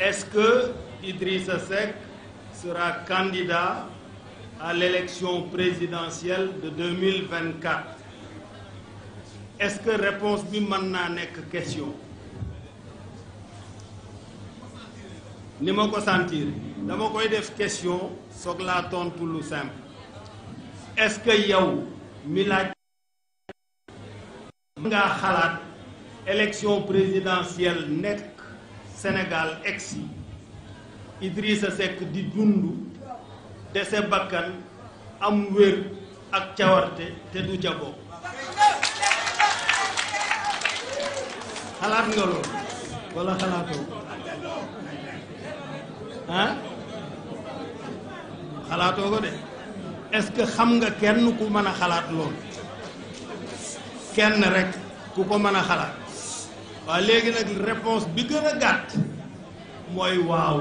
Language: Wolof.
Est-ce que Idrissa Seck sera candidat à l'élection présidentielle de 2024 est-ce que réponse bi mën naa nekk question ni ma ko sentir dama koy def question soog laa tontu lu simple est que yow mi laaj mën ngaa xalaat élection présidentielle nekk Sénégal egsi Idrissa Seck di dund dese bakkan am wér ak cawarte te du ca bokk xalaat nga loolu wala xalaatoo ah xalaatoo ko de est-ce que xam nga kenn ku mën a xalaat loolu kenn rek ku ko mën a xalaat waaw léegi nag réponse bi gën a gàtt mooy waaw